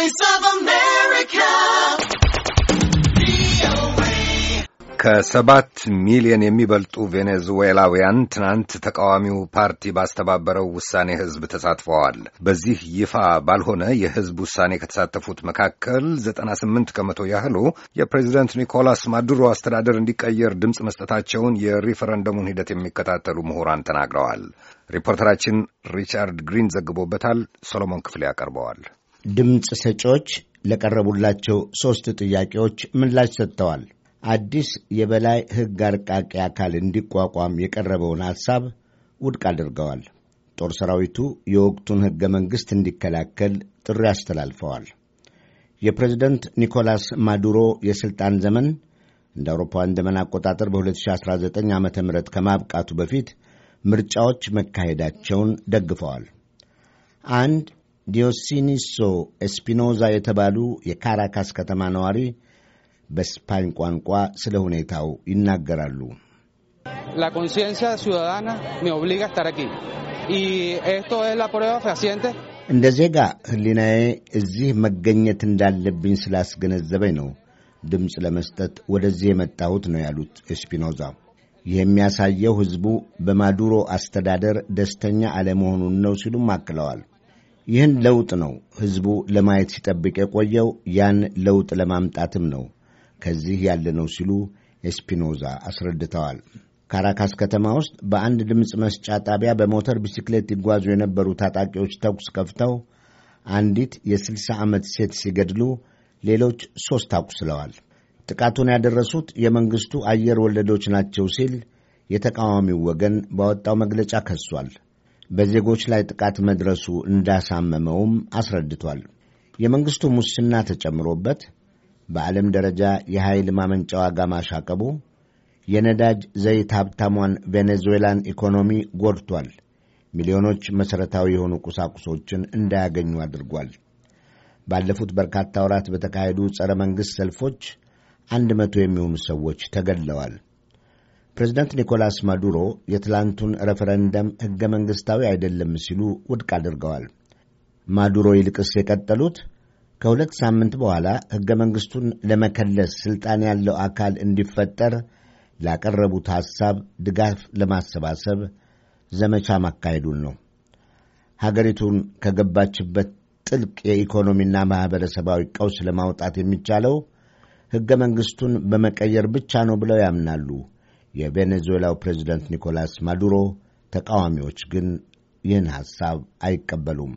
Voice of America. ከሰባት ሚሊዮን የሚበልጡ ቬኔዙዌላውያን ትናንት ተቃዋሚው ፓርቲ ባስተባበረው ውሳኔ ህዝብ ተሳትፈዋል። በዚህ ይፋ ባልሆነ የህዝብ ውሳኔ ከተሳተፉት መካከል ዘጠና ስምንት ከመቶ ያህሉ የፕሬዚደንት ኒኮላስ ማዱሮ አስተዳደር እንዲቀየር ድምፅ መስጠታቸውን የሪፈረንደሙን ሂደት የሚከታተሉ ምሁራን ተናግረዋል። ሪፖርተራችን ሪቻርድ ግሪን ዘግቦበታል። ሶሎሞን ክፍሌ ያቀርበዋል። ድምፅ ሰጪዎች ለቀረቡላቸው ሦስት ጥያቄዎች ምላሽ ሰጥተዋል። አዲስ የበላይ ሕግ አርቃቂ አካል እንዲቋቋም የቀረበውን ሐሳብ ውድቅ አድርገዋል። ጦር ሰራዊቱ የወቅቱን ሕገ መንግሥት እንዲከላከል ጥሪ አስተላልፈዋል። የፕሬዝደንት ኒኮላስ ማዱሮ የሥልጣን ዘመን እንደ አውሮፓውያን ዘመን አቆጣጠር በ2019 ዓ ም ከማብቃቱ በፊት ምርጫዎች መካሄዳቸውን ደግፈዋል። አንድ ዲዮሲኒሶ ኤስፒኖዛ የተባሉ የካራካስ ከተማ ነዋሪ በስፓኝ ቋንቋ ስለ ሁኔታው ይናገራሉ። ላ ኮንሲየንሲያ ሲዳዳና ሜ ኦብሊጋ ስታር አኪ ኤስቶ ላ ፕሩባ እንደ ዜጋ ህሊናዬ እዚህ መገኘት እንዳለብኝ ስላስገነዘበኝ ነው ድምፅ ለመስጠት ወደዚህ የመጣሁት ነው ያሉት ኤስፒኖዛ። ይህ የሚያሳየው ሕዝቡ በማዱሮ አስተዳደር ደስተኛ አለመሆኑን ነው ሲሉም አክለዋል። ይህን ለውጥ ነው ሕዝቡ ለማየት ሲጠብቅ የቆየው። ያን ለውጥ ለማምጣትም ነው ከዚህ ያለ ነው ሲሉ ኤስፒኖዛ አስረድተዋል። ካራካስ ከተማ ውስጥ በአንድ ድምፅ መስጫ ጣቢያ በሞተር ቢስክሌት ይጓዙ የነበሩ ታጣቂዎች ተኩስ ከፍተው አንዲት የ60 ዓመት ሴት ሲገድሉ ሌሎች ሦስት አቁስለዋል። ጥቃቱን ያደረሱት የመንግሥቱ አየር ወለዶች ናቸው ሲል የተቃዋሚው ወገን ባወጣው መግለጫ ከሷል። በዜጎች ላይ ጥቃት መድረሱ እንዳሳመመውም አስረድቷል። የመንግሥቱ ሙስና ተጨምሮበት በዓለም ደረጃ የኃይል ማመንጫ ዋጋ ማሻቀቡ የነዳጅ ዘይት ሀብታሟን ቬኔዙዌላን ኢኮኖሚ ጎድቷል። ሚሊዮኖች መሠረታዊ የሆኑ ቁሳቁሶችን እንዳያገኙ አድርጓል። ባለፉት በርካታ ወራት በተካሄዱ ጸረ መንግሥት ሰልፎች አንድ መቶ የሚሆኑ ሰዎች ተገድለዋል። ፕሬዚዳንት ኒኮላስ ማዱሮ የትላንቱን ሬፈረንደም ሕገ መንግሥታዊ አይደለም ሲሉ ውድቅ አድርገዋል። ማዱሮ ይልቅስ የቀጠሉት ከሁለት ሳምንት በኋላ ሕገ መንግሥቱን ለመከለስ ሥልጣን ያለው አካል እንዲፈጠር ላቀረቡት ሐሳብ ድጋፍ ለማሰባሰብ ዘመቻ ማካሄዱን ነው። ሀገሪቱን ከገባችበት ጥልቅ የኢኮኖሚና ማኅበረሰባዊ ቀውስ ለማውጣት የሚቻለው ሕገ መንግሥቱን በመቀየር ብቻ ነው ብለው ያምናሉ የቬኔዙዌላው ፕሬዚደንት ኒኮላስ ማዱሮ ተቃዋሚዎች ግን ይህን ሐሳብ አይቀበሉም።